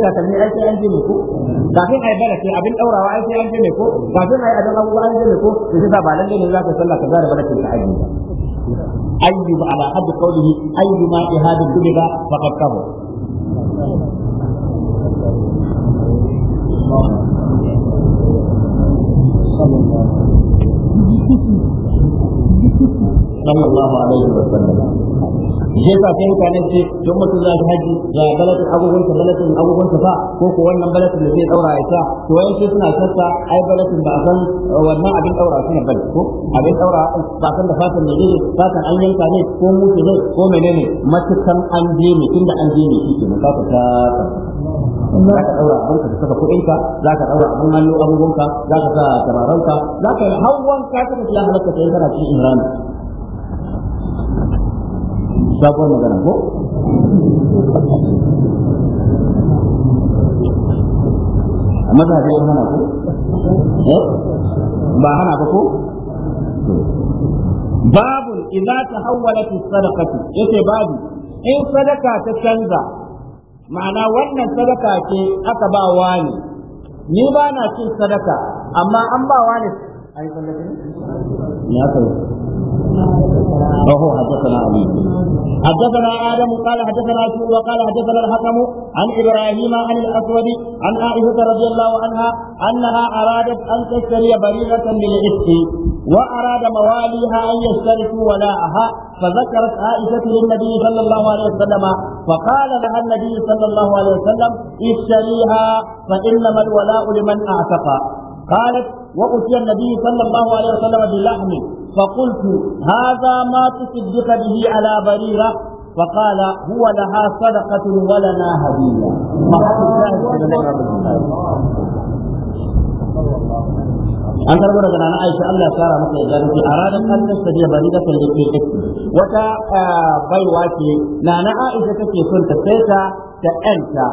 takalmi ai sai an je mai ko kafin ai bala sai abin daurawa ai sai an je mai ko kafin ai adan abubuwa an je ko to sai ba lalle ne za ka sallah kaza da balakin ka aji ayyub ala hadd qawlihi ayyuma ihadu dubiga faqad kafa sallallahu alaihi je sa sai mutane ce don mutum za shi haji ga balatin agogon ta balatin agogon ta fa ko ko wannan balatin da zai daura ya sa to wai sai suna sassa ai balatin ba san wannan abin daura shi ne balatin ko abin daura ba san da fatan ne ne fatan an yanka ne ko mutu ne ko menene matukan an je ne tunda an je ne shi ke ka ta za ka daura abinka da saka kuɗinka za ka daura abin hannu abubuwanka za ka sa tabaranka za ka hawan ka ta ya halaka sai kana cikin imrani sabon magana ko maza da yin hana ko eh? ba hana ba ko babu idza tahawwalat as ya yace babu in sadaka ta canza ma'ana wannan sadaka ce aka ba wani ni ba na cin sadaka amma an ba wani يا وهو حدثنا علي حدثنا ادم قال حدثنا شعبه قال حدثنا الحكم عن ابراهيم عن الاسود عن عائشه رضي الله عنها انها ارادت ان تشتري بريره للعتق واراد مواليها ان يشتركوا ولاءها فذكرت عائشه للنبي صلى الله عليه وسلم فقال لها النبي صلى الله عليه وسلم اشتريها فانما الولاء لمن اعتق قالت وأتي النبي صلى الله عليه وسلم بلحم فقلت هذا ما تصدق به على بريرة فقال هو لها صدقة ولنا هدية an karbar daga nan Aisha Allah ya maka a ranar an tasbiya bari da kan yake take wata baiwa ce nana Aisha take son ta sai ta ta ƴanta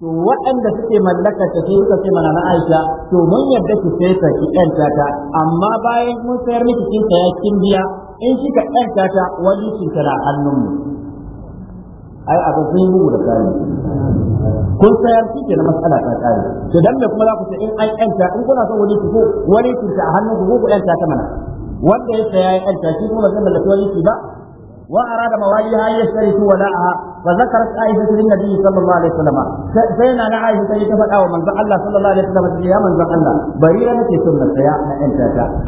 to waɗanda suke mallaka ta sai suka ce mana na Aisha to mun yarda ki sai ta ki ɗanta ta amma bayan mun sayar miki kin saya kin biya in shi ka ɗanta ta wani shi tana hannunmu ai abin sun yi bugu da kare kun sayar shi ke na matsala ta kare to dan me kuma za ku ce in an ɗanta in kuna son wani ko wani cin ta a hannunku ko ku ɗanta ta mana wanda ya saya ya ɗanta shi kuma zai mallaki wani shi ba وأراد مواليها أن يشتركوا ولاءها فذكرت عائشة للنبي صلى الله عليه وسلم سينا أنا عائشة تفت أو من الله صلى الله عليه وسلم يا من الله بريرة في سنة يا أنت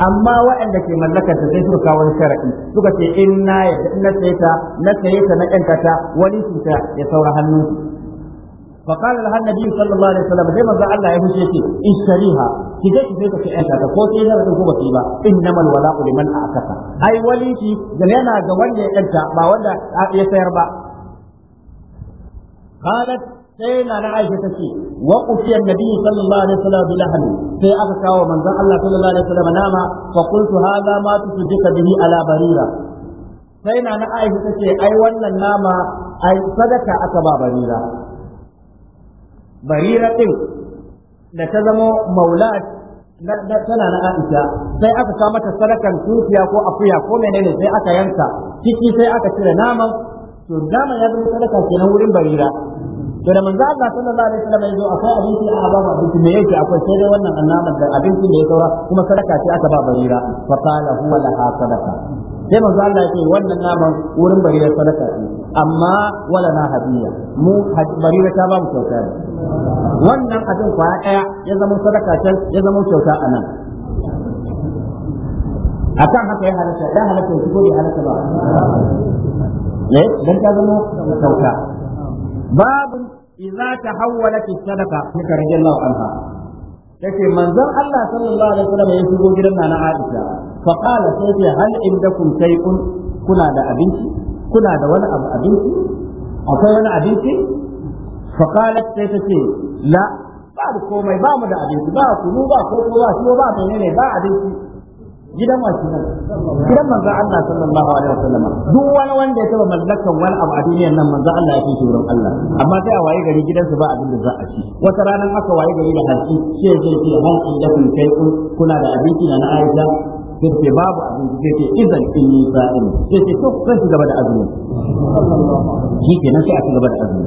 أما وعندك من لك تسيسرك والشرك سكت إنا نسيت نسيت نسيت نسيت وليسك يسورها النوت فقال لها النبي صلى الله عليه وسلم زي ما الله يهوش يتي اشتريها كده كده في انت ko sai da rubu ba ba innamal wala'u akasa ai waliki yana ga wanda ya kanta ba wanda ya sayar ba qalat sai na na aisha ta ce wa qutiya nabi sallallahu alaihi wasallam bi lahmi sai aka kawo manzon Allah sallallahu alaihi wasallam nama fa qultu hadha ma tusdika bihi ala barira sai na na aisha ta ce ai wannan nama ai sadaka aka ba barira barira din da ta zama maula tana na Aisha sai aka sa mata sadakan tufiya ko akuya ko menene sai aka yanka ciki sai aka cire naman to dama ya zama sadaka kenan wurin barira to da manzo Allah sallallahu alaihi wasallam ya zo akwai abinci a ba abinci me yake akwai sai dai wannan annaban da abincin da ya saura kuma sadaka ce aka ba barira fa qala huwa la sadaka sai manzo Allah ce wannan naman wurin barira sadaka ce amma wala na hadiya mu barira ta ba mu kyauta ne wannan abin kwaya daya ya zama sadaka can ya zama kyauta anan akan haka ya halatta ya halatta shi ko bai halatta ba ne eh, dan ta zama kyauta babu idza tahawwalat sadaqa nika radiyallahu anha yace manzon Allah sallallahu alaihi wasallam ya shigo gidan nana Aisha فقال سيدي sai عندكم شيء كنا shay'un kuna da abinci kuna da wani abu abinci akwai wani abinci بعد qalat sai ta ce la ba da komai ba mu da abinci ba kunu ba ko shi ba ba abinci gidan wasu gidan manzo Allah sallallahu alaihi wasallam duk wani wanda ya taba mallakan wani abu a duniyar nan manzo Allah ya fi shi Allah amma sai a waye gari gidansu ba abin da za a ci wata ranar aka waye gari da hanci shi ya ce in da kun kai kuna da abinci na Aisha sai ce babu abinci sai ce izan in yi sa'in sai ce to zan ci gaba da azumi shi ke nan sai a ci gaba da azumi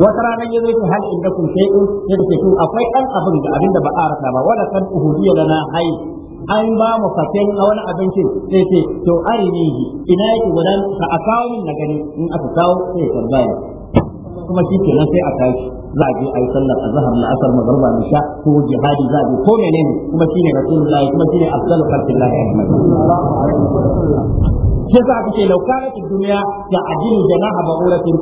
wata rana ya zo ce hal inda kun sai in sai ce kun akwai ɗan abin da abin da ba a rasa ba wala kan uhudiyya lana hay an ba mu fatan a wani ce sai ce to arini ina yake gudan ka a kawo min na gani in aka kawo sai ya tambaya kuma shi ke sai a tashi za a je a yi sallar azhar la asar magharba da sha ko jihadi za a je ko menene kuma shi ne rasulullahi kuma shi ne shine afdalu khalqillahi ahmad shi yasa aka ce law kanat ad-dunya ta'dilu janaha ba'ulatin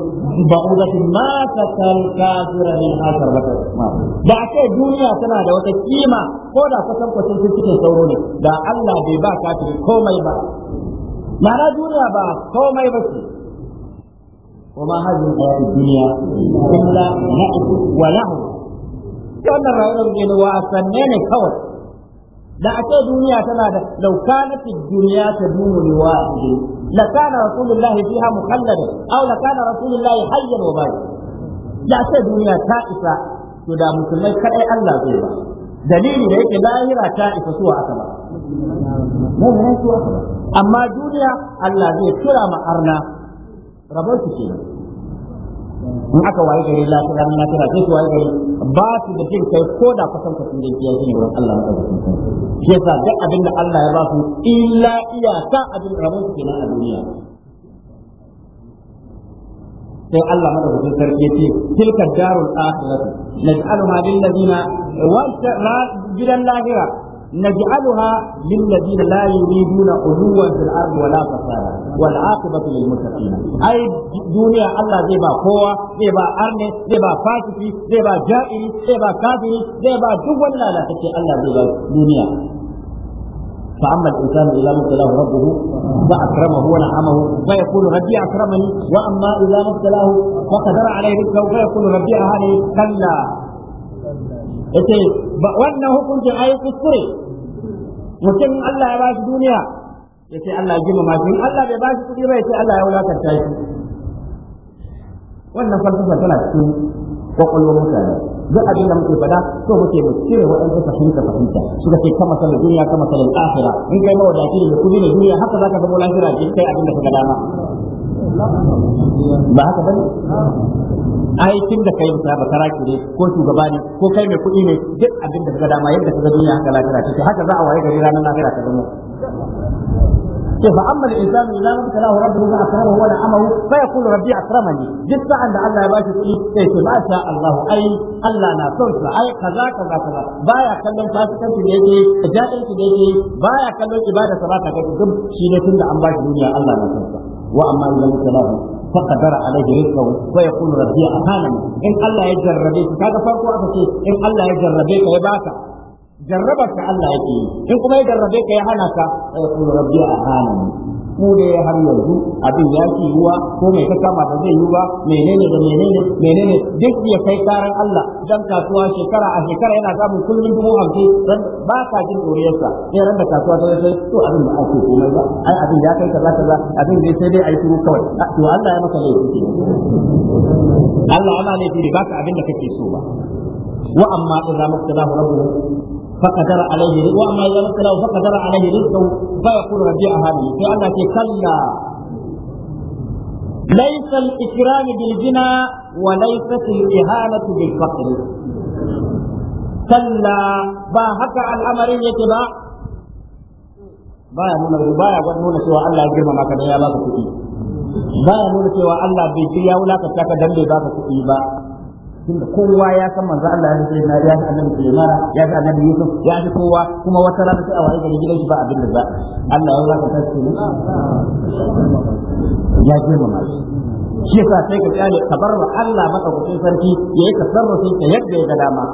ba'ulatin ma tatal kafira min asar wa ma da a ake duniya tana da wata kima ko da kusan kusan cikin sauro ne da Allah bai ba kafiri komai ba ma'ana duniya ba komai ba ce وما هذه الحياة الدنيا إلا لعب ولهو كان الرأي الرجل وأسنين كوت لا الدنيا تنادى لو كانت الدنيا تدوم لواحد لكان رسول الله فيها مخلدا أو لكان رسول الله حيا وبايا لا الدنيا كائفة تدا مسلمين كأي الله زيبا دليل ليك لا يرى كائفة سوى مو مؤمنين سوى أما دنيا الله زيب كرام أرنا rabar su kenan in aka waye gari lafiya na lafiya sai su waye gari ba su da jin kai ko da kusan kusan da kiyaye shi ne wurin Allah ta shi yasa duk abin da Allah ya ba su illa iyaka abin rabon su kenan a duniya sai Allah madaukakin sarki ce tilka darul akhirah naj'aluha lil ladina wa gidan lahira نجعلها للذين لا يريدون علوا في الارض ولا فسادا والعاقبه للمتقين اي دنيا الله زي با كوا زي با ارني زي با فاسقي زي با جائي زي با كافري زي با duk wannan lalace Allah zai ba duniya فأما الإنسان إذا ما ابتلاه ربه فأكرمه ونعمه فيقول ربي أكرمني وأما إذا ما ابتلاه فقدر عليه رزقه فيقول ربي أهاني كلا. إيه wannan hukuncin ayi kuskure mutum Allah ya bashi duniya ya ce Allah ya girmama shi Allah bai bashi kuɗi ba ya ce Allah ya wulakanta shi wannan falsafa tana cikin kwakwalwar mutane za a da muke fada so muke mu cire waɗansu fahimta fahimta ka ce kama masarar duniya kama masarar akhira in kai mawadaci da kuɗi da duniya haka za zaka zama lafiya ke kai abin da ka dama ba haka bane ai tun da kai musa ba karaki ne ko shugaba ne ko kai mai kuɗi ne duk abin da kaga dama yadda kaga duniya haka lafiya ce haka za a waye gari ranar lafiya ta zama ce fa amma al-insanu idza mabtalahu rabbuhu fa akramahu wa na'amahu fa yaqulu rabbi akramani duk sa'an da Allah ya bashi kuɗi sai ce ma sha Allah ai Allah na son sa ai kaza kaza kaza baya kallon fasikanci da yake jahilci da yake baya kallon ibada sa ba ta kai duk shi ne tunda an bashi duniya Allah na son sa واما اذا ابتلاه فقدر عليه رزقه ويقول ربي اهانني ان الله يجربك كذا فرق ان الله يجربك يبعثك jarraba ka Allah yake yi in kuma ya jarrabe ka ya hana ka ya rabbi a halin mu da ya har yanzu abin ya ci ruwa ko mai ka kama da zai yi ba menene da menene menene duk ya kai karan Allah dan kasuwa shekara a shekara yana samun kullum dubu hamsin ba ka jin doriyarsa sai ran da kasuwa ta sai to abin ba ake komai ba ai abin ya kai kaza kaza abin dai sai dai ai turu kawai to Allah ya maka laifi Allah yana laifi ba ka abin da kake so ba wa amma idza mabtalahu rabbuhu فقدر عليه رزقه واما اذا ابتلاه فقدر عليه رزقه فيقول ربي اهاني في انك كلا ليس الاكرام بالغنى وليست الاهانه بالفقر كلا با هكا الامر يتبع baya nuna baya nuna cewa Allah ya girmama ka da ya baka kuɗi baya nuna cewa Allah bai ya wulaka ka dan bai baka kuɗi ba tunda kowa ya san manzo Allah ya sai na ya san annabi Sulaiman ya san annabi Yusuf ya san kowa kuma wata rana sai a waye gari gidan shi ba abin da za Allah ya zaka tashi ne ya ce mu shi yasa sai ka kyale ka bar Allah maka kusin sarki yayi tasarrufi ka yadda ya ga dama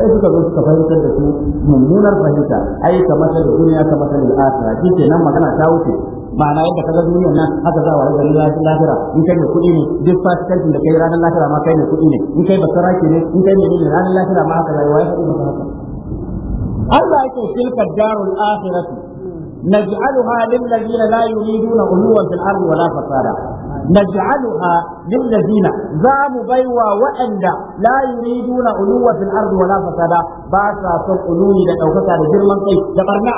sai suka zo suka fahimtar da su mummunar fahimta ai kamar da duniya kamar da al'akira shi kenan magana ta wuce ma'ana yadda kaga duniyar nan haka za wa gari lahira in kai mai kuɗi ne duk fasikancin da kai ranar lahira ma kai mai kuɗi ne in kai basaraki ne in kai mai ranar lahira ma haka rayuwa ya faɗi maka haka Allah yake tilka darul akhirati نجعلها للذين لا يريدون علوا za mu baiwa فسادا نجعلها للذين زام بيوا وأند لا يريدون علوا في الارض ولا فسادا باسا سن علوي لتوكسا لجرمان كي لقرنا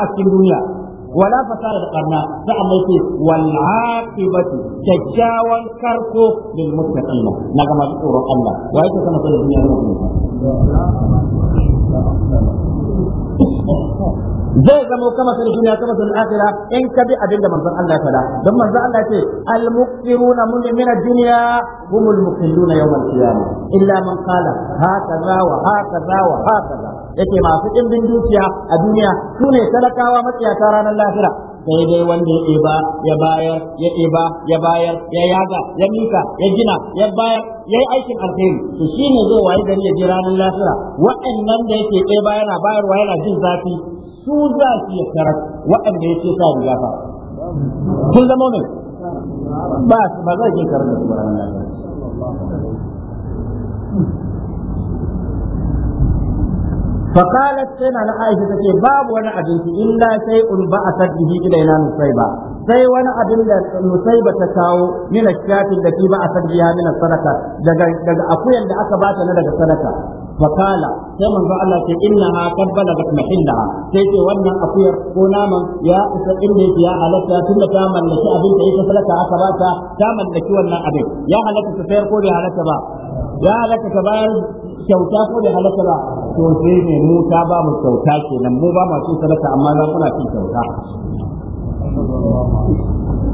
wala fasara da karna sa'an mai ce wal aqibatu kyakkyawan karko lil muttaqin na ga masu tsoron Allah wa da duniya da kuma zai zama kama sai duniya kama sai akhira in ka bi abinda manzon Allah ya faɗa don manzon Allah ya ce al min ad-dunya humul muqilluna yawm al-qiyamah illa man qala hakaza wa hakaza wa hakaza Yake masu ɗimbin dukiya a duniya su ne talakawa matsiyata ranar lahira sai dai wanda ya ɗeba ya bayar ya ɗeba ya bayar ya yaga ya mika ya gina ya bayar ya yi aikin alheri to shi ne zai wayi gari ya ji ranar lahira waɗannan da yake ɗeba yana bayarwa yana jin zafi su za su ya tarar ya yake sa riga fa kun zama mai ba ba zai je karar da su ranar lahira فقالت سينا لعائشة تكي باب وانا أبنتي إلا شيء بعثت به إلينا نصيبة sai wani abin da nusaiba ta kawo min ashatin da ki ba a san biya min sadaka daga akuyan da aka bata na daga sadaka fakala sai manzo Allah ce inna ha qad balagat mahillaha sai ce wannan akuyar ko naman ya isa inda yake ya halatta tunda ta mallaki abin da yake sadaka aka bata ta mallaki wannan abin ya ta sayar ko da ba ya halarta ta kyauta ko ba to sai ne mu ta ba mu kyauta kenan mu ba ma cin sadaka amma za kuna cin kyauta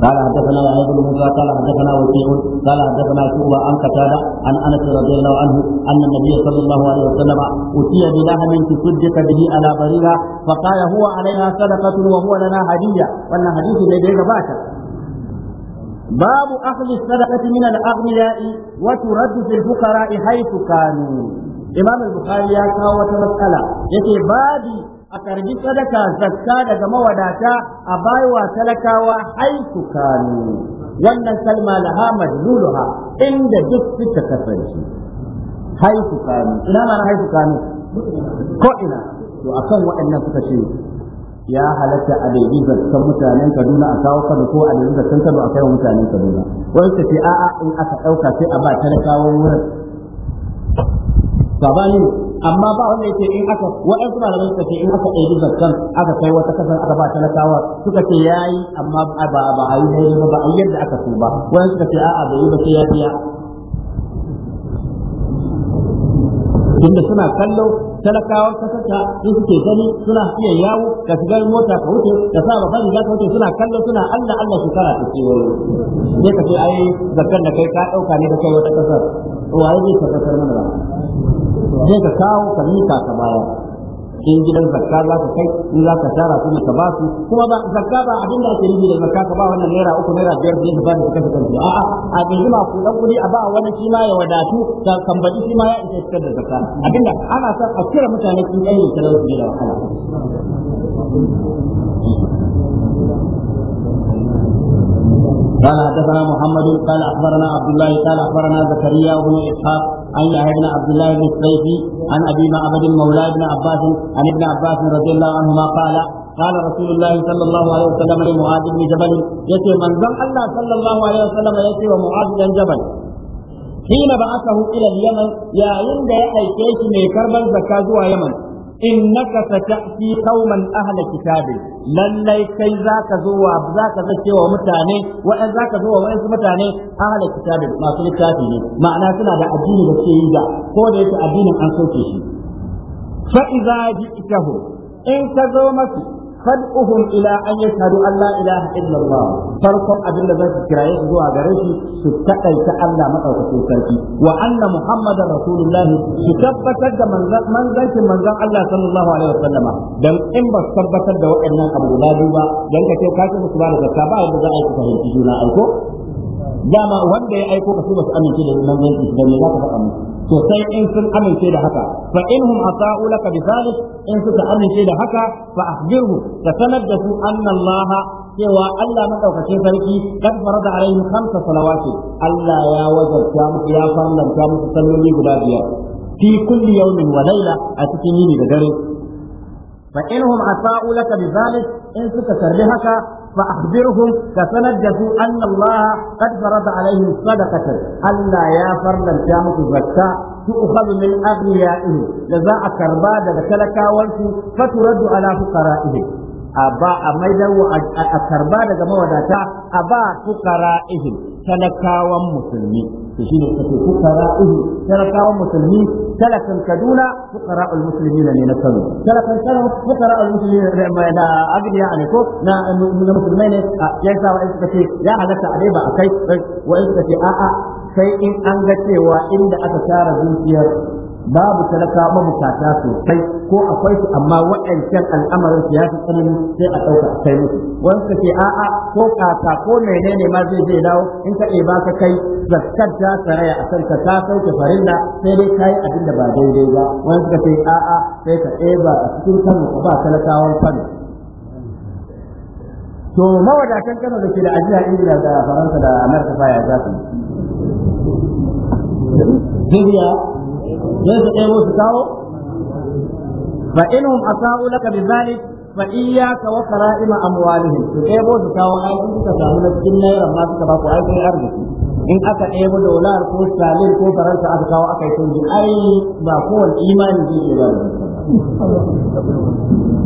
قال حدثنا يحيى بن موسى قال حدثنا وكيع قال حدثنا شعبة عن قتادة عن انس رضي الله عنه ان النبي صلى الله عليه وسلم اتي بلحم تصدق به على بريرة فقال هو علينا صدقة وهو لنا هدية وان حديث لديه باكر باب اخذ الصدقة من الاغنياء وترد في الفقراء حيث كانوا imam al-bukhari ya kawo wata matsala yake babi a karbi sadaka zakka daga mawadata a baiwa talakawa haitu kanu wannan kalma laha majluluha inda duk suka kasance haitu kanu ina mana haitu kanu ko ina to akan waɗannan suka ce ya halatta a daidai zakkan mutanen Kaduna a kawo Kano ko a daidai zakkan Kano a kai mutanen Kaduna wai ce a'a in aka ɗauka sai a ba talakawa wurin sabani ne amma ba wanda yake in aka waɗansu malamai suka ce in aka ɗebi zakkan aka kai wata kasar aka ba talakawa suka ce ya yi amma ba a yi daidai ba a yadda aka so ba waɗansu suka ce a'a bai yi ba sai ya biya tunda suna kallo talakawa kasarta in suke gani suna iya yawo ka shiga mota ka wuce ka sa babban riga ka wuce suna kallo suna Allah Allah su kara ta ce wani ne ka ce ai zakkan da kai ka dauka ne ka kai wata kasar waye zai ka kasar mana ba sai ka kawo ka mika ka baya in gidan zakka za ka kai in za ka tara kuma ka ba su kuma ba zakka ba abin da ake yi da zakka ka ba wannan naira uku naira biyar biyar ka ba da kanta kanta a'a a ga jima ku dan kudi a ba wani shi ma ya wadatu ka kambaci shi ma ya isa fitar da zakka abinda ana son a kira mutane sun kai da talauci da wahala قال حدثنا محمد قال اخبرنا عبد الله قال اخبرنا زكريا بن اسحاق عن يحيى بن عبد الله بن السيفي عن ابي معبد مولى بن عباس عن ابن عباس رضي الله عنهما قال قال رسول الله صلى الله عليه وسلم لمعاذ بن جبل يتي من زم الله صلى الله عليه وسلم يتي ومعاذ بن جبل حين بعثه الى اليمن يا عند يحيى كيش من كربل زكاه يمن innaka sata'ti qauman ahla kitabi lallai kai zaka zo wa zaka zace wa mutane wa zaka zo wa wasu mutane ahla kitabi masu littafi ne ma'ana suna da addini da ke yi da ko da yake addinin an soke shi fa idza ji'tahu in ka zo masu fad'uhum ila an yashhadu an la ilaha illallah farkon abin da zai kiraye zuwa gare shi su takaita Allah madaukakin sarki wa anna muhammadar rasulullahi su tabbatar da manzancin manzan Allah sallallahu alaihi wasallam dan in ba su tabbatar da waɗannan abu guda biyu ba dan kace ka ce musu ba da zakka ba yadda za a yi fahimci juna aiko dama wanda ya aiko ka su ba su amince da manzanci da me za ka faɗa musu to sai in sun amince da haka fa inhum asa'u laka bi zalik in suka amince da haka fa akhbirhu ka sanar da su anna allaha cewa Allah madaukakin sarki kad farada alaihim khamsa salawati Allah ya wajabta musu ya farlanta musu salloli guda biyar fi kulli yawmin wa layla a cikin yini da dare fa inhum asa'u laka bi zalik in suka karbi haka فأخبرهم كسند جسو أن الله قد فرض عليهم صدقة ألا يا فرلا جامك زكاة تؤخذ من أغنيائهم جزاء كربا دكلكا والفو فترد على فقرائهم a ba a maidar a karba daga mawadata a ba fukara ihim talakawan musulmi to shine kace fukara ihim talakawan musulmi talakan kaduna fukara almuslimin ne na kano talakan kano fukara almuslimin ne na agniya ne ko na musulmai ne a yasa wa suka ce ya halatta a dai ba a kai wa suka ce a'a sai in an ga cewa inda aka tara dukiyar babu talaka mabukata sosai ko akwai su amma waɗancan al'amarin su ya fi tsanani sai a ɗauka a kai musu wani ka ce a'a ko kaka ko menene ma zai zai dawo in ka ba ka kai zakkar ta saraya a kanka ka sauke farilla sai dai kayi abin da ba daidai ba wani suka ce a'a sai ka ɗeba a cikin kanu ka ba talakawan kanu to mawadatan kano da ke da ajiya ingila da faransa da amurka baya za su sai su ɗebo su kawo fa inhum asa'u laka bizalik fa iyyaka wa kara'ima amwalihim su ɗebo su kawo ai in suka samu na cikin naira ma suka ba ku ai kun arziki in aka ɗebo dolar ko salin ko faransa aka kawo aka yi tunji ai ba kowane imani zai yi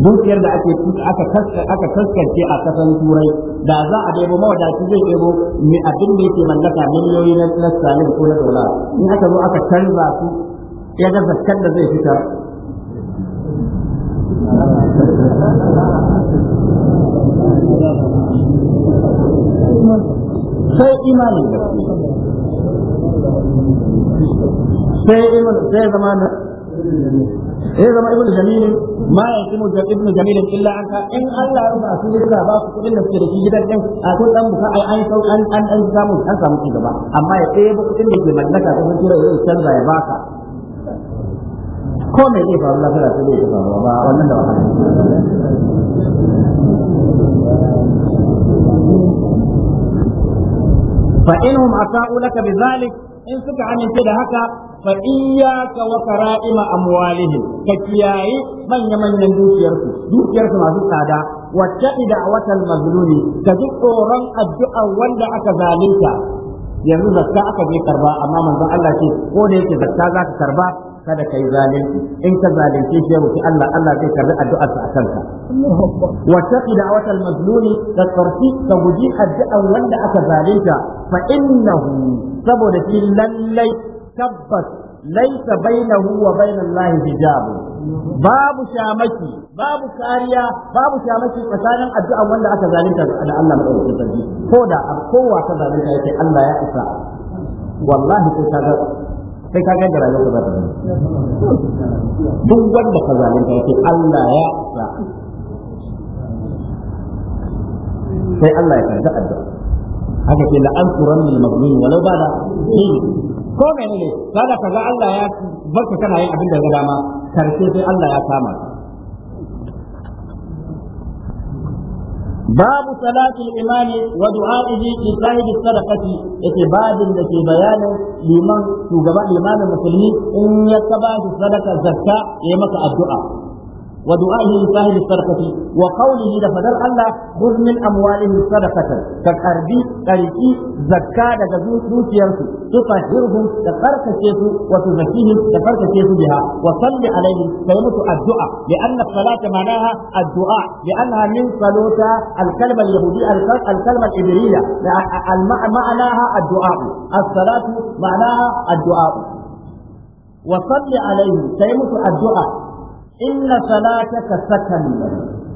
dukiyar da ake aka aka kaskance a kasan turai da za a debo mawadaci zai debo mai abin da yake mallaka miliyoyi na salim ko na dola in aka zo aka canza su ya ga zakkan da zai fitar sai imanin sai sai zama na sai zama ibnu jamil ma ya kimu da ibnu jamil illa an ka in Allah ya masu su yasa ba su kudin da suke da shi gidan din a kun dan buka ai an sau an an samu an samu ci gaba amma ya tsaye ba kudin da ke mallaka ko kuma tura ya canza ya baka ko mai iya faru lafiya sai dai ta faru ba wannan da wahala fa inhum asa'u laka bizalik in suka amince da haka fa iyyaka wa kara'ima amwalihim ka kiyaye manya manyan dukiyarsu dukiyarsu masu tsada wattaqi da'watal mazlumi ka ji tsoron addu'a wanda aka zalunta yanzu zakka aka je karba amma manzon Allah ce ko da yake zakka za ka karba kada ka yi zalunci in ka zalunce shi roki Allah Allah zai karbi addu'ar sa akan ka wa taqi da'wat al-mazlumi da tarfi ka guji addu'an wanda aka zalunta fa innahu saboda shi lallai tabbas laisa bainahu wa bainallahi hijab babu shamaki babu kariya babu shamaki tsakanin addu'an wanda aka zalunta da Allah madaukakin sarki ko da kowa ka zalunta yake Allah ya isa wallahi sai ka sai ka ga rayuwar ka za ta duk wanda ka zalunta yake Allah ya sa sai Allah ya karɓi addu'a haka ke la'an turan min mazlum walau ba da ko menene kada kaga Allah ya barka kana yin abin da ga dama karshe sai Allah ya kama ka باب صلاة الإمام ودعائه لصاحب الصدقة يتي باب التي بيان لمن شجباء الإمام المسلمين إن يتباد الصدقة زكاة يمك الدعاء ودعائه لصاحب الصدقة وقوله لفدر الله خذ من أموالهم صدقة كالأربي كالكي زكاة كذوث يرسو تطهرهم تقرك شيخ وتزكيهم تقرك شيخ بها وصل عليهم كلمة الدعاء لأن الصلاة معناها الدعاء لأنها من صلوات الكلمة اليهودية الكلمة الإبرية معناها الدعاء الصلاة معناها الدعاء وصل عليهم كلمة الدعاء inna salataka sakan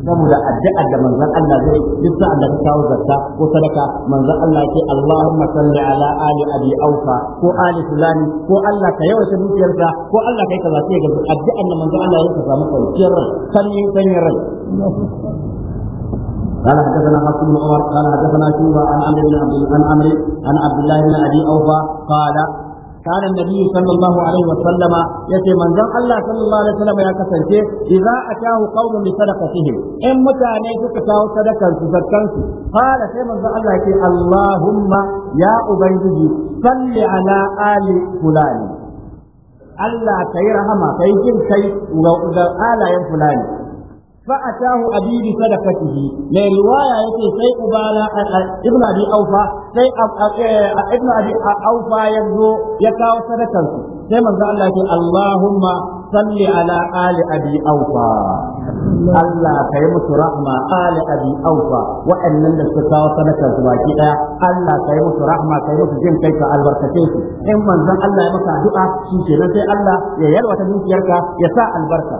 saboda addu'a da manzon Allah zai duk sa'an da ka kawo zakka ko sadaka manzon Allah ke Allahumma salli ala ali abi aufa ko ali fulani ko Allah ka yawaita dukiyarka ko Allah kai kaza sai ga addu'a da manzon Allah ya samu kwanciyar rai sanyin sanyin rai قال حدثنا حفص بن عمر قال حدثنا شوبه عن عمرو بن عبد عن عمرو عن عبد الله بن ابي اوفى قال كان النبي صلى الله عليه وسلم يتي من ذن الله صلى الله عليه وسلم يا كسنتي إذا أتاه قوم بصدقتهم إن متاني سكتاو صدقا سكتنس قال شيء من ذن الله يتي اللهم يا أبيدي صل على آل فلان Allah ka yi rahama ka yi jin kai ga alayen fulani فأتاه أبي بصدقته من رواية يتي سي أبانا ابن أبي أوفى سي ابن أبي أوفى يبدو يكاو صدقا سي من قال لك اللهم صل على آل أبي أوفى الله كيمس رحمة آل أبي أوفى وأن الاستكاو صدقا سواكي Allah ka yi musu rahama ka yi musu jin kai ka albarkace su in manzon Allah ya maka addu'a shi kenan sai Allah ya yalwata dukiyarka ya sa albarka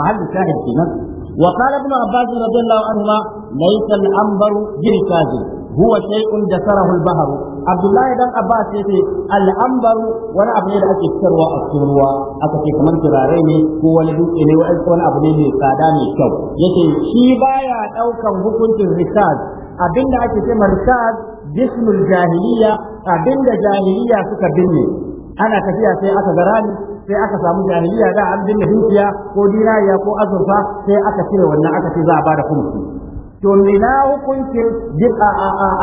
محل الشاهد في نفسه وقال ابن عباس رضي الله عنهما ليس الأنبر بركاز هو شيء جسره البحر عبد الله بن عباس يقول الأنبر وانا أبني لك السروة السروة أكتي كمان تراريني هو لدوك إلي وانا أبني لك قاداني شو يقول شيبايا أوكا هكونت الركاز abin da ake cewa rikaz jismul jahiliya abin da jahiliya suka binne ana tafiya sai aka ga rami sai aka samu jahiliya da an binne dukiya ko dinariya ko azurfa sai aka cire wannan aka ce za a bada kumsi to me na hukunce duk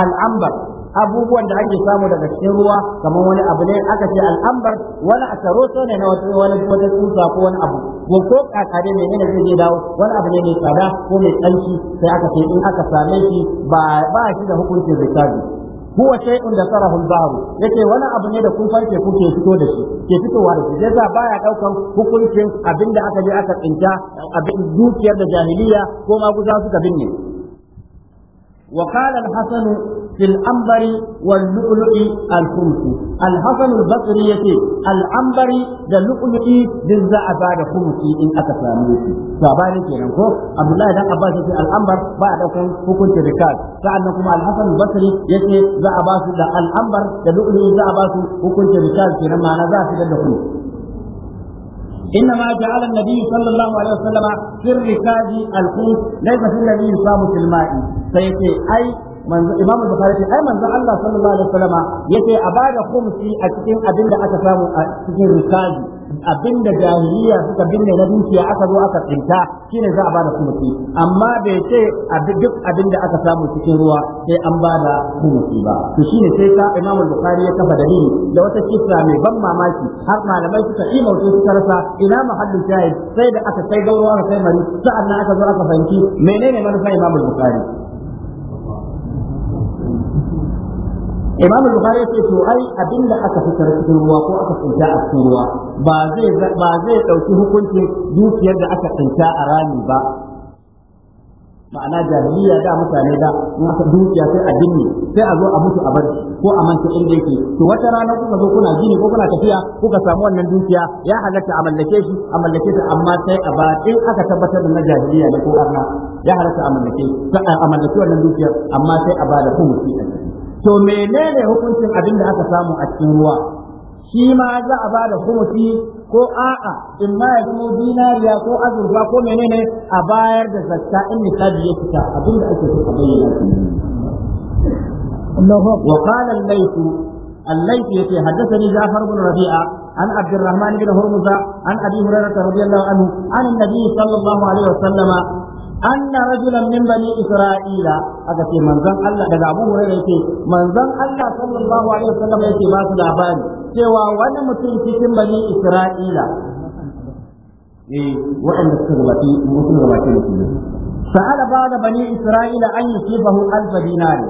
al'ambar abubuwan da ake samu daga cikin ruwa kamar wani abu ne aka ce al'ambar wani a taro ne na wata wani wata ko wani abu ko ko kakare ne ne zai je dawo wani abu ne mai tsada ko mai tsanci sai aka ce in aka same shi ba ba shi da hukuncin rikabi huwa shay'un da sarahu al-bahru yace wani abu ne da kufan teku ke fito da ke fitowa da shi yasa baya ɗaukan hukuncin abinda aka je aka tsinta abin dukiyar da jahiliya ko maguza suka binne وقال الحسن في الأنبر واللؤلؤ الخمس الحسن البصري يتي الأنبر ذا اللؤلؤ ذا بعد خمس إن أتساميه فأبالي كيرنكو عبد الله بن عباس يتي الأنبر بعد كم حكم تذكار فأنكم الحسن البصري يتي ذا عباس ذا الأنبر ذا اللؤلؤ ذا عباس حكم تذكار كيرن معنا ذا في ذا إنما جعل النبي صلى الله عليه وسلم في الركاب الحوت ليس في الذي يصاب في الماء فيتي أي manzo imam bukhari ce ai manzo Allah sallallahu alaihi wasallama yace a bada khumsi a cikin abin da aka samu a cikin abinda jahiliya suka binne na dukiya aka zo aka tsinta shine za a bada kumusi amma bai ce duk abinda aka samu cikin ruwa sai an bada kumusi ba to shine sai ka Imam Bukhari ya kafa dalili da wata kisa mai ban mamaki har malamai suka yi mautu suka rasa ina mahallin shahid sai da aka kai gauro aka kai mari sa'annan aka zo aka fahimci menene manufar Imam Bukhari imam bukhari ya ce to ai abinda aka fitar cikin ruwa ko aka tsinta a cikin ruwa ba zai ba zai dauki hukuncin dukiyar da aka tsinta a rami ba ma'ana jahiliya da mutane da in aka dukiya sai a binne sai a zo a mutu a bar ko a manta inda yake to wata rana kuka zo kuna gini ko kuna tafiya kuka samu wannan dukiya ya halatta a mallake shi a mallake ta amma sai a ba in aka tabbatar da na jahiliya ne ko arna ya halatta a mallake a mallake wannan dukiya amma sai a ba da kuma a to menene hukuncin abin da aka samu a cikin ruwa shi ma za a bada hukunci ko a'a in ma ya zama dinariya ko azurfa ko menene a bayar da zakka in nisabi ya fita abin da ake so a bayyana وقال الليث الليث يتي حدثني جعفر بن ربيعه عن عبد الرحمن بن هرمز عن ابي هريره رضي الله عنه عن النبي صلى الله عليه وسلم anna rajulan min bani isra'ila aka ce manzon Allah daga Abu Hurairah yake manzon Allah sallallahu alaihi wasallam yake ba su labari cewa wani mutum cikin bani isra'ila eh waɗanda suka gabaci mutum gabaci mutum sa'ala ba bani isra'ila an yusifahu alf dinari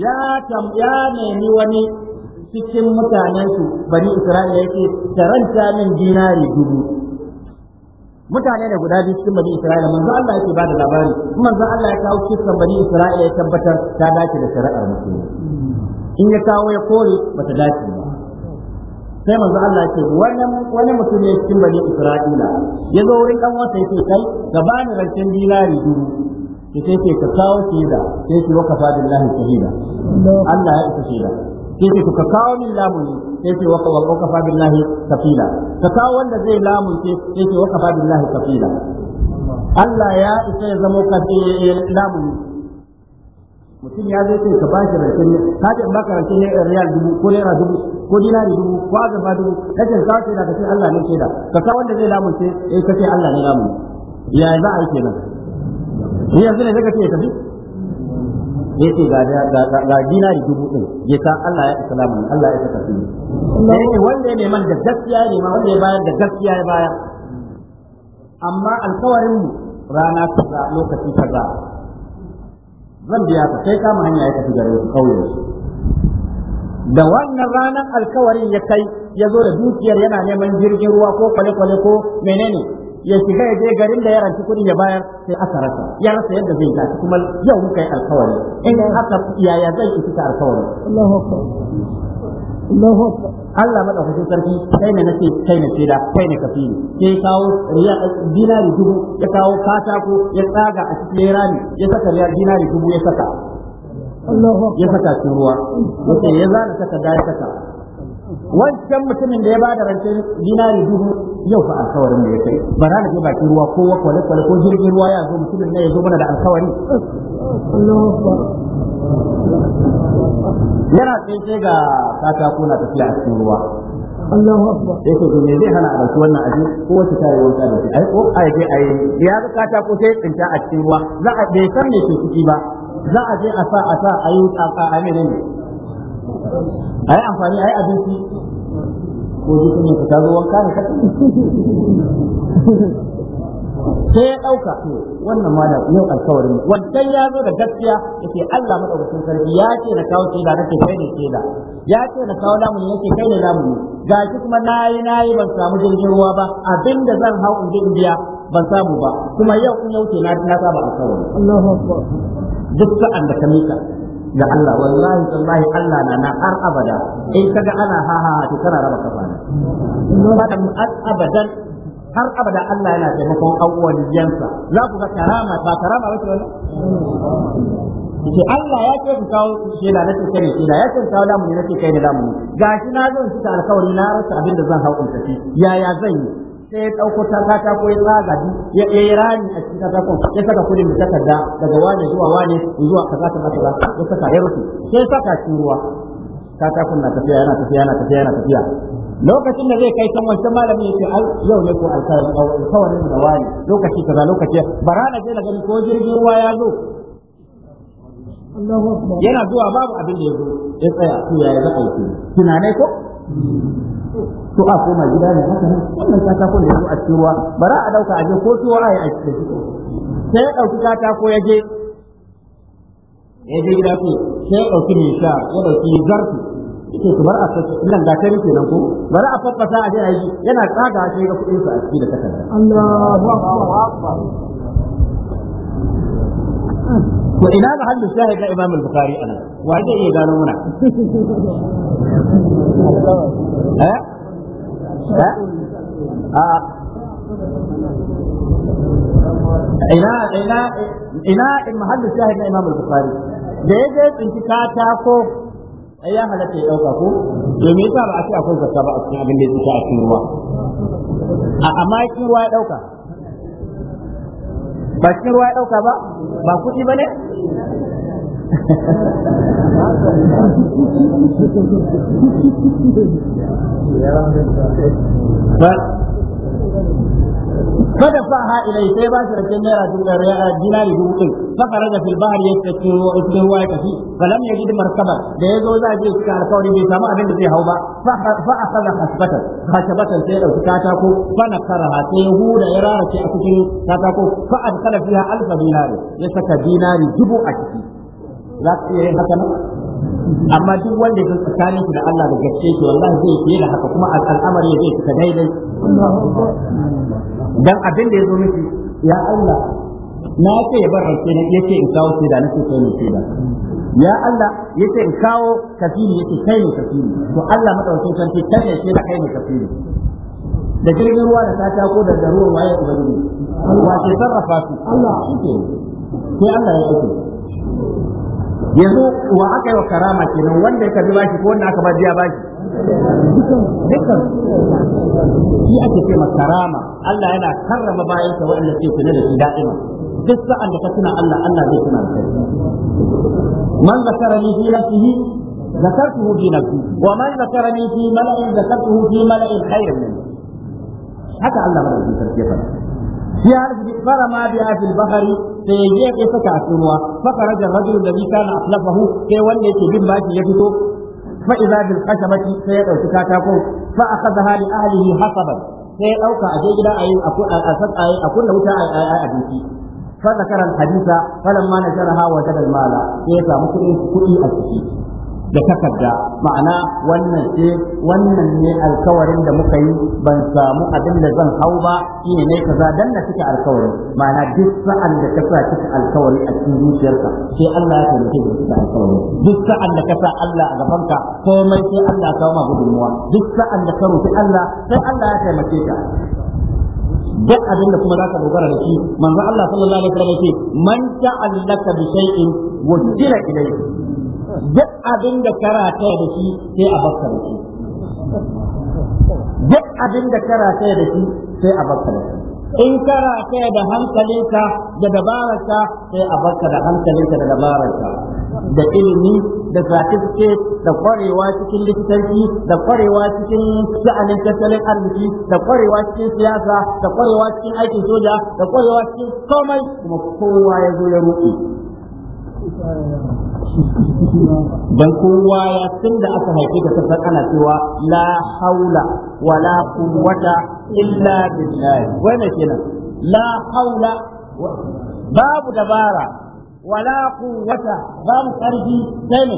ya tam ya nemi wani cikin mutanen su bani isra'ila yake taranta min dinari dubu mutane da guda biyu cikin bani Isra'ila manzo Allah yake bada labari manzo Allah ya kawo cikin bani Isra'ila ya tabbatar ta dace da shari'ar musulmi in ya kawo ya kore bata dace ba sai manzo Allah ya ce wannan wani mutum ya cikin bani Isra'ila ya zo wurin dan wata yake kai gabanin rancen dinari ke sai ce ka kawo shaida sai shi wakafa billahi shahida Allah ya isa shaida sai ce ka kawo min lamuni sai ce waka ka kafa billahi kafila ka kawo wanda zai lamunce sai ce wa kafa billahi kafila Allah ya isa ya zama kafi eh, lamuni mutum ya zai ce ka ba shi rancen ne ka ce ba ka rancen ne riyal dubu ko naira dubu ko dinari dubu ko azaba dubu kace ka ce da kace Allah ne shaida ka kawo wanda zai lamunce eh kace Allah ne lamuni ya za a yi kenan yanzu ne daga ce ya tafi ya ce ga ga da dubu din ya sa Allah ya isa lamun Allah ya saka fili ne wanda ya neman da gaskiya ne ma wanda ya bayar da gaskiya ya bayar amma alkawarin mu rana kaza lokaci kaza zan biya ka kai kama hanya ya tafi gare su kauye su da wannan ranar alkawarin ya kai ya zo da dukiyar yana neman jirgin ruwa ko kwale-kwale ko menene ya shiga ya je garin da ya ranci kuɗi ya bayar sai aka rasa ya rasa yadda zai tafi kuma yau muka yi alkawari in haka yaya zai isi ta alkawari Allah madaukakin sarki kai ne nake kai ne shaida kai ne kafiri sai kawo riya dinari dubu ya kawo katako ya tsaga a cikin rami ya saka riya dinari dubu ya saka ya saka cikin ruwa yace ya zana saka da ya saka wancan mutumin da ya bada rance dinari dubu yau fa alkawarin da ya kai ba na je bakin ruwa ko kwale kwale ko jirgin ruwa ya zo mutumin ne ya zo mana da alkawari yana tsince ga katako na tafiya a cikin ruwa Allahu Akbar Yake zai hana a dauki wannan aji ko wata ta yi wanka da shi ai ko ai dai ai ya ga katako sai tsinta a cikin ruwa za a bai san me ke ciki ba za a je a sa a sa a yi a ne? a yi amfani a yi abinci ko ka ta zo wanka ne sai ya ɗauka wannan ma da yau alkawarin wancan ya zo da gaskiya da ke Allah maɗaukacin sarki ya ce na kawo shaida na ce kai ne shaida ya ce na kawo lamuni ya ce kai ne lamuni ga shi kuma na yi na yi ban samu jirgin ruwa ba abinda zan hau in je in biya ban samu ba kuma yau in ce na saba ba duk sa'an da ka mika da Allah wallahi wallahi Allah na na har abada in kaga ana ha ha to kana raba kafa ne fadan abadan har abada Allah yana taimakon awwaliyansa za ku ga karama ba karama ba ne wannan ce Allah ya ce ku kawo shaida na ce kai shaida ya ce kawo damu ne na ce kai ne damu gashi na zo su ta alƙawari na rasa abin da zan hau in tafi yaya zan yi sai ya ɗauko takata ko ya tsaga ya yi rami a cikin katakon ya saka kudin da takarda daga wane zuwa wane zuwa kaza kaza kaza ya saka ya rufe sai ya saka cikin ruwa katakon na tafiya yana tafiya yana tafiya yana tafiya lokacin da zai kai can wancan malami ya ce al yau ne ko alkawarin da wani lokaci kaza lokaci bara na je na gani ko jirgin ruwa ya zo yana zuwa babu abin da ya zo ya tsaya to yaya za a yi tunanai ko to a koma gida ne haka ne wannan katakon da yazo a cikin ruwa za a dauka a je ko tuwa yi a cikin sai ya dauki katako ya je ya je gida ko sai ya dauki ne sha ya dauki zarfi yake to bar a fasa nan ga tare kenan ko bara a fafasa a je a yi yana tsaga shi ga kudin sa a cikin da takarda Allahu akbar to ina ga haddu sai ga Imam al-Bukhari anan wa zai iya gano muna eh eh ah. ina ina ina in mahallu shahid na Imam al-Bukhari da yaje tsinci kata ko ya halatta ya dauka ko domin yasa ba a ce akwai zakka ba a cikin abin da yake a cikin ruwa amma cikin ruwa ya dauka ba cikin ruwa ya dauka ba ba kudi ba ne ba kada fa ha ilai sai ba shi rakin naira dinari dubu din faka raga fil bahar yake tafi cikin ruwa ya tafi falam ya markaba da ya zo za a je cikin alkawari bai samu abin da zai hau ba fa a kaza hasbatan hasbatan sai dauki katako fa na karaha sai ya huda ya rarace a cikin katako fa adkala fiha alfa dinari ya saka dinari dubu a ciki za ka iya yin haka nan amma duk wanda ya tsakanin shi da Allah da gaske shi wallahi zai fiye da haka kuma al'amari zai cika daidai dan abin da ya zo miki ya Allah na ce ya bar rance ne yace in kawo shi da nake kai ne sai da ya Allah yace in kawo kafiri yace kai ne kafiri to Allah madaukakin sarki kai ne sai da kai ne kafiri da jirgin ruwa da ta tako da daruwar waye ku ubangiji wa ke sarrafa su Allah shi ke sai Allah ya yi yanzu wa aka yi wa karama kenan wanda ya karbi shi, ko wanda aka ba biya dukkan shi ake ce ma karama Allah yana karrama bayan sa wanda ke tuna da shi da'ima duk sa'an da ka tuna Allah Allah zai tuna da kai man zakarani fi nafsihi ذكرته في نفسي ومن ذكرني في ملأ ذكرته في ملأ خير منه حتى الله ما يذكر Ya يعرف ma بها في البحر sai ya je ya saka a cikin ruwa fakarajar rajulun da kana aslafahu sai wanda yake bin baki ya fito fa idza bil khashabati sai ya dauki katako fa akhadha li ahlihi hasaban sai ya dauka a je gida a yi a kunna wuta a yi abinci فذكر الحديث فلما نشرها وجد المال يسامو كدي kuɗi a ciki. da takarda ma'ana wannan ce wannan ne alkawarin da muka yi ban samu abin da zan hau ba shine ne kaza dan na cika alkawarin ma'ana duk sa'an da ka sa cika alkawari a cikin zuciyarka sai Allah ya taimake ka cika alkawari duk sa'an da ka sa Allah a gaban ka komai sai Allah ya kawo ma gudunmuwa duk sa'an da ka roki Allah sai Allah ya taimake ka duk abin da kuma za ka dogara da shi manzo Allah sallallahu alaihi wasallam ce man ta'allaka bi shay'in wujira ilayhi duk abin da karata da shi sai a bakar da shi duk abin da karata da shi sai a bakar shi in karata da hankalinka da dabararka sai a bakar da hankalinka da dabararka da ilimi da certificate da kwarewa cikin likitanci da kwarewa cikin sha'anin tattalin arziki da kwarewa cikin siyasa da kwarewa cikin aikin soja da kwarewa cikin komai kuma kowa ya zo ya rufe dan kowa ya da aka haife da kasar ana cewa la haula wala quwwata illa billah wannan kenan la haula babu dabara wala quwwata babu karfi sai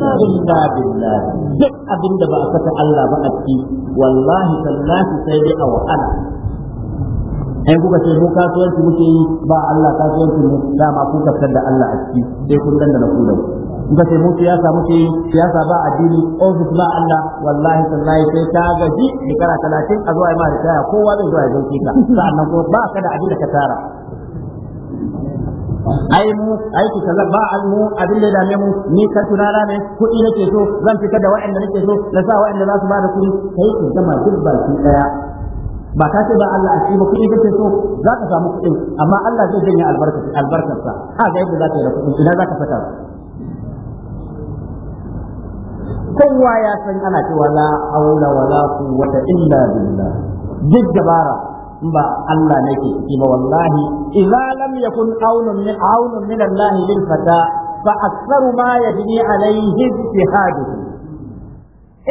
illa billah duk abinda ba a saka Allah ba a ciki wallahi tallahi sai dai a wahala in kuka ce mu kasuwanci muke yi ba Allah kasuwancin mu dama ku kaftar da Allah a ciki sai kun dandana ku da kuka ce mu siyasa muke yi siyasa ba addini ofis ba Allah wallahi tallahi sai ka gaji shekara talatin a zuwa ma ritaya kowa zai zuwa ya gaishe ka sa'annan ko ba ka da abin da ka tara ai mu ba al mu abin da dame mu ni ka tunara ne kuɗi nake so zan fitar da waɗanda nake so na sa waɗanda za su ba da kuɗi kai ku gama duk baki daya ba ka ce ba Allah a ci ba kuɗi kake so za ka samu kuɗin amma Allah zai janye albarka sa ha ga yadda za ka yi da kuɗin idan za ka saka kowa ya san ana cewa la haula wala quwwata illa billah duk dabara ba Allah ne ke ciki ba wallahi idza lam yakun aunun min aunun min Allah lil fata fa aktharu ma yajni alayhi ijtihaduhu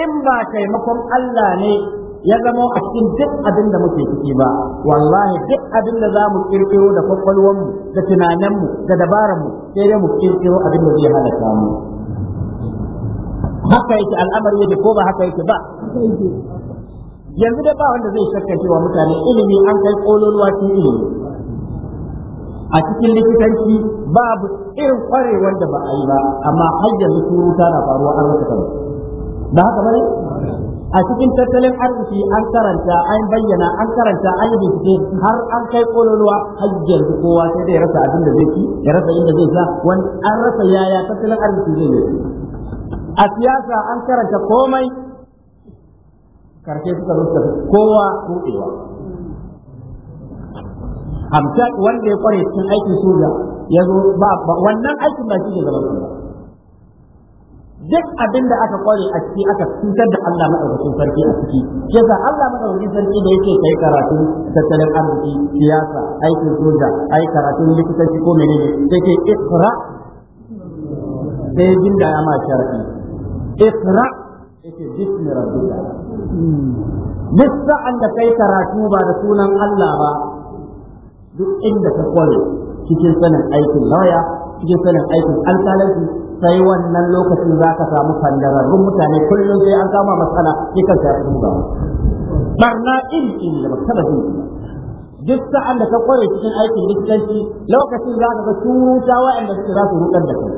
in ba taimakon Allah ne ya zama a cikin duk abin da muke ciki ba wallahi duk abin da za mu kirkiro da mu, da tunaninmu da dabararmu sai dai mu kirkiro abin da zai halaka mu haka yake al'amari yake ko ba haka yake ba yanzu da ba wanda zai shakka cewa mutane ilimi an kai kololuwa cikin ilimi a cikin likitanci babu irin kware wanda ba a yi ba amma har yanzu surutu na faruwa an rasa ba haka bane a cikin tattalin arziki an karanta an bayyana an karanta an yi bincike har an kai kololuwa hajjar kowa sai dai rasa abin da zai ci ya rasa inda zai sa wani an rasa yaya tattalin arziki zai yi a siyasa an karanta komai karshe suka rusa kowa kuɗewa hamsa wanda ya kware cikin aikin soja ya zo ba wannan aikin ba shi ke zama duk abin da aka kware a ciki aka cutar da Allah madaukakin sarki a ciki yasa Allah madaukakin sarki da yake kai karatu tattalin arziki siyasa aikin soja ai karatu likitanci ko menene take ikra sai jin da ya ma shar'i ikra yake bismi rabbika duk sa'an da kai karatu ba da sunan Allah ba duk inda ka kware cikin sanin aikin lawyer cikin sanin aikin alƙalanci sai wannan lokacin za ka samu fandararrun mutane kullum sai an kama matsala sai kan ya fi ba barna iri iri da matsala jin duk sa'an da ka kware cikin aikin likitanci lokacin za ka ga turuta wa'anda suke za su rukar da kai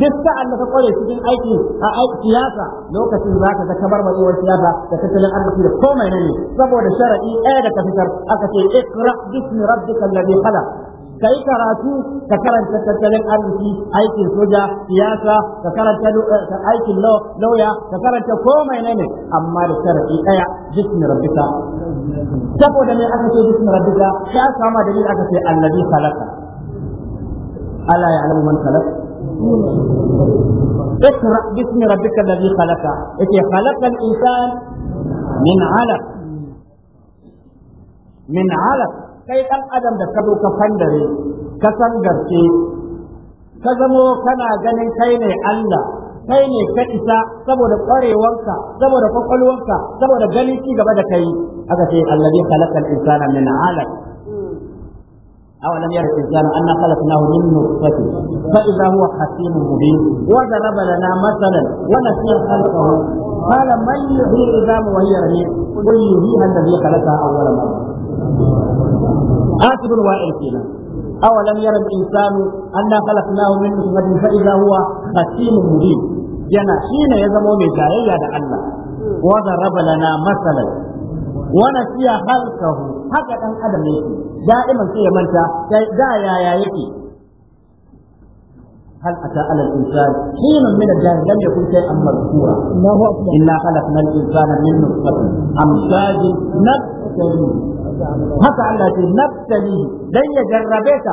duk sa'an da ka kware cikin aikin a aiki siyasa lokacin za ka ga tabarbarewar siyasa da tattalin arziki da komai ne saboda shara'i ɗaya da ka fitar aka ce ikra bismi rabbikal ladhi khalaq kai karatu ka karanta tattalin arziki aikin soja siyasa ka karanta eh, aikin lauya ka karanta komai ne ne amma da sharafi daya jismi rabbika saboda ne aka ce jismi rabbika ya sama dalil aka ce annabi khalaqa ala ya ya'lamu man khalaqa اقرأ باسم ربك الذي خلق خلق الإنسان من علق من علق kai ɗan adam da ka zo ka fandare ka san garke ka zamo kana ganin kai ne Allah kai ne ka isa saboda ƙwarewanka, saboda ƙwaƙwalwanka, saboda ganin ci gaba da kai aka ce allazi khalaqa al-insana min wani aw lam yara al-insana na khalaqnahu min nutfatin fa idha huwa khatimun da na daraba lana masalan wa nasiya khalqahu qala man yuhyi al-idama wa hiya yi qul yuhyi allazi khalaqa awwala marrah حاسب وائل فينا أولم يرى الإنسان أنا خلقناه من نطفة فإذا هو خسيم مبين yana shine ya zamo mai tarayya da Allah wa zaraba lana masalan wa nasiya halkahu haka dan adam yake da'iman sai ya manta da yaya yake هل أتى على الإنسان حين من الجاهل لم يكن شيئا مذكورا الله أكبر إنا خلقنا الإنسان من نطفة أمشاج نبتليه هكا الله نبتلي لن يجربك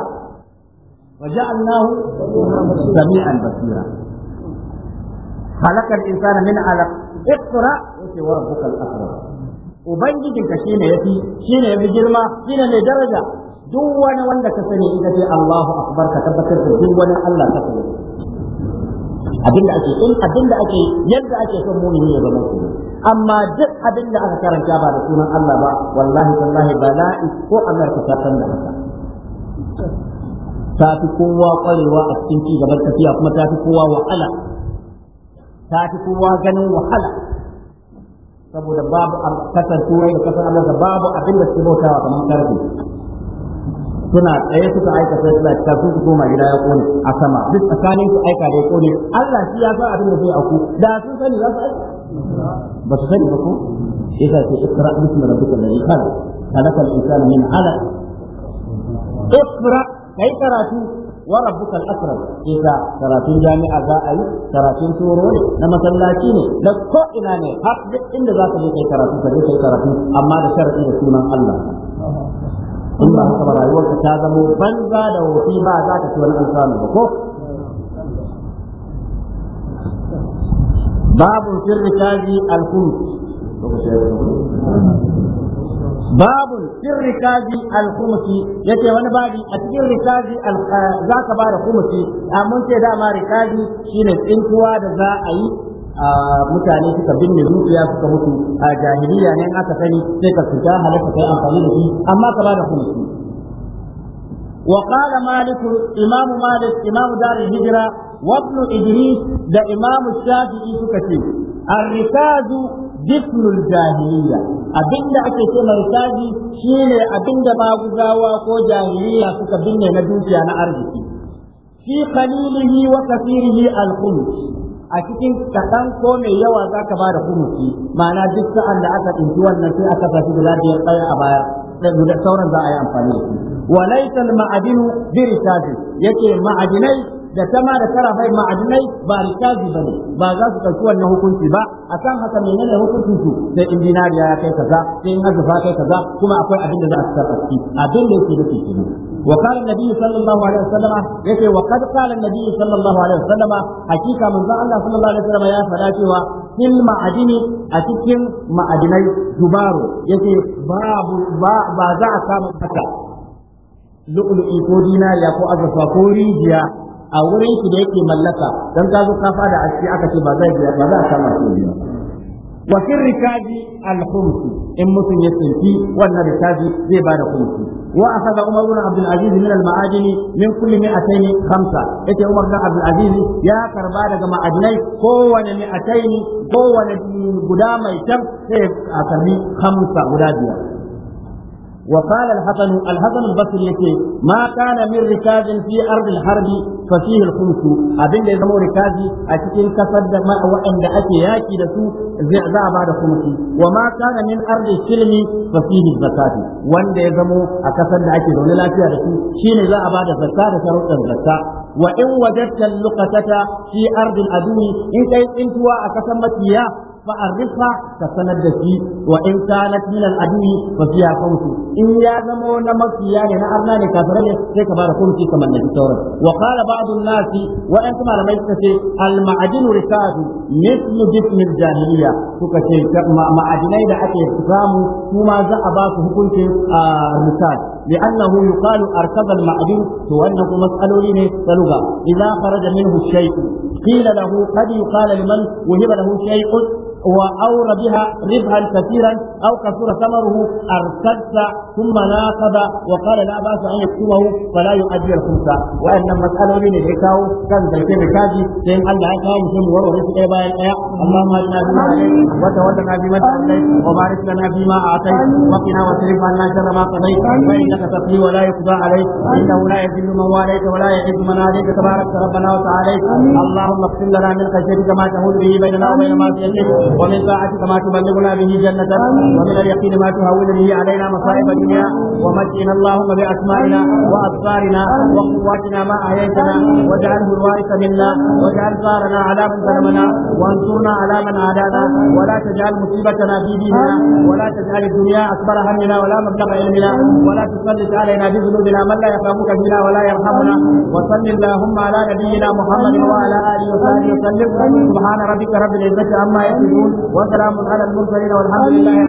وجعلناه سميعا بصيرا خلق الإنسان من علق اقرأ وربك الأكرم ubangijinka shine yafi shine yafi girma shine mai duk wani wanda ka sani in ka ce Allahu akbar ka tabbatar da duk wani Allah ka sani abinda ake in abinda ake yadda ake son mu'mini ya zama kenan amma duk abinda aka karanta ba da sunan Allah ba wallahi wallahi bala'i ko Allah ka san da haka ta fi kowa kwarewa a cikin ci gaban tafiya kuma ta fi kowa wahala ta fi kowa ganin wahala saboda babu kasar turai da kasar amurka babu abinda su suke bautawa kamar karfe suna tsaye suka aika sai suna cikin sun su koma gida ya kone a sama duk tsakanin su aika da ya kone Allah shi ya san abin da zai aku da sun sani za su aika ba su sani ba ko yasa ce ikra bismi rabbika alladhi khalaq khalaqa al-insana min 'alaq ikra kai karatu wa rabbuka al-akram sa karatun jami'a za a yi karatun soro ne na masallaci ne na ko ina ne har duk inda za ka je kai karatu ka je kai karatu amma da sharadi da sunan Allah in ba haka ba rayuwarka ta zama banza da wofi ba za ka ci wani alfanu ba ko babu sirri kaji alkhumus babu sirri kaji alkhumusi yake wani babi a cikin rikaji za ka ba da khumusi amma ce ma rikaji shine tsinkuwa da za a yi mutane suka binne zuciya suka mutu a jahiliya ne aka sani sai ka fita halaka kai amfani da shi amma ka ba da kumusi وقال مالك إمام مالك إمام دار الهجرة وابن إدريس ده إمام الشافعي سكتي الركاز جسم الجاهلية أبين ده أكي كما ركازي شيني أبين ده ما قزاوا كو جاهلية سكبين ندوكي أنا أرجكي في قليله وكثيره الخمس a cikin kaɗan ko mai yawa za ka da kumusi ma'ana duk sa'an da aka ɗinki wannan sai aka sashi guda biyar tsaya a baya da sauran za a yi amfani da shi walaita ma'adinu bi rikazi yake ma'adinai da tama da karafai ma'adinai ba rikazi ba ne ba za su ɗauki wannan hukunci ba a kan haka menene hukuncin su sai in dinariya ya kai kaza sai in azurfa kai kaza kuma akwai abin da za a fitar a ciki abin da yake da ke وقال النبي صلى الله عليه وسلم يكي وقد قال النبي صلى الله عليه وسلم حقيقة من ذا الله صلى الله عليه وسلم يا فلاتي هو في المعدن أتكين معدني جبار يكي باب با ذا كام حتى لؤلؤي ko dinariya ko azurfa ko rijiya a wurin ki da yake mallaka كتبا ذا zo ka fada a wa fi rikabi in mutum ya tsinki wannan ritaji zai bada khumsi wa akhadha umar ibn abdul aziz min al-ma'adin min kulli mi'atayn khamsa yace umar ibn abdul ya karba daga ma'adinai kowane mi'atayn kowane guda mai tam sai a karbi khamsa guda biyar وقال الحسن الحسن البصري يكي ما كان من ركاز في أرض الحرب ففيه الخمس أبين دي زمو ركازي أتكين كسد ما وأن أكي ياكي دسو زعزع بعد خمس وما كان من أرض السلم ففيه الزكاة وأن دي زمو أكسد أكي دولي لا تيا دسو شين زعزع بعد زكاة شروط الزكاة وإن وجدت اللقطة في أرض الأدوي إن كنت أكسمت إياه fa'arrifa ka sanar da shi wa in kanat min al-adi fa fiya qawtu in ya zama na makiya ne na arna ne kafirai ne sai ka bada kamar da sauran wa qala ba'du an-nas wa an kuma da mai ce al-ma'adin rikadu mithlu jismi jahiliya suka ce ma'adinai da ake samu kuma za a ba su hukuncin rikad لأنه يقال أركب المعدن وأنه مسألة لغة إذا خرج منه الشيء قيل له قد يقال لمن وهب له شيء وأور بها ربحا كثيرا أو كثر ثمره أرتدت ثم ناقض وقال لا بأس أن يكتبه فلا يؤدي الخمسة وأن مسألة من الحكاو كان زي كيف سيم أن يكاو مسلم وروري في إيبا اللهم أجنا بما وتولنا بما عليك وبارك لنا فيما أعطيت وقنا وصرف عنا شر ما قضيت فإنك تقضي ولا يقضى عليك إنه لا يذل من واليك ولا يعز من عليك تبارك ربنا وتعالى اللهم اغفر لنا من خشيتك ما تهون به بيننا وبين ما تهون ومن طاعتك ما تبلغنا به جنتك ومن اليقين ما تهون به علينا مصائب الدنيا ومتعنا اللهم بأسمائنا وأبصارنا وقواتنا ما أحييتنا واجعله الوارث منا واجعل ثارنا على من ظلمنا وانصرنا على من عادانا ولا تجعل مصيبتنا في ديننا ولا تجعل الدنيا أكبر همنا ولا مبلغ علمنا ولا تسلط علينا بذنوبنا من لا يخافك فينا ولا يرحمنا وصل اللهم على نبينا محمد وعلى آله وصحبه وسلم سبحان ربك رب العزة عما يصفون وسلام على المرسلين والحمد لله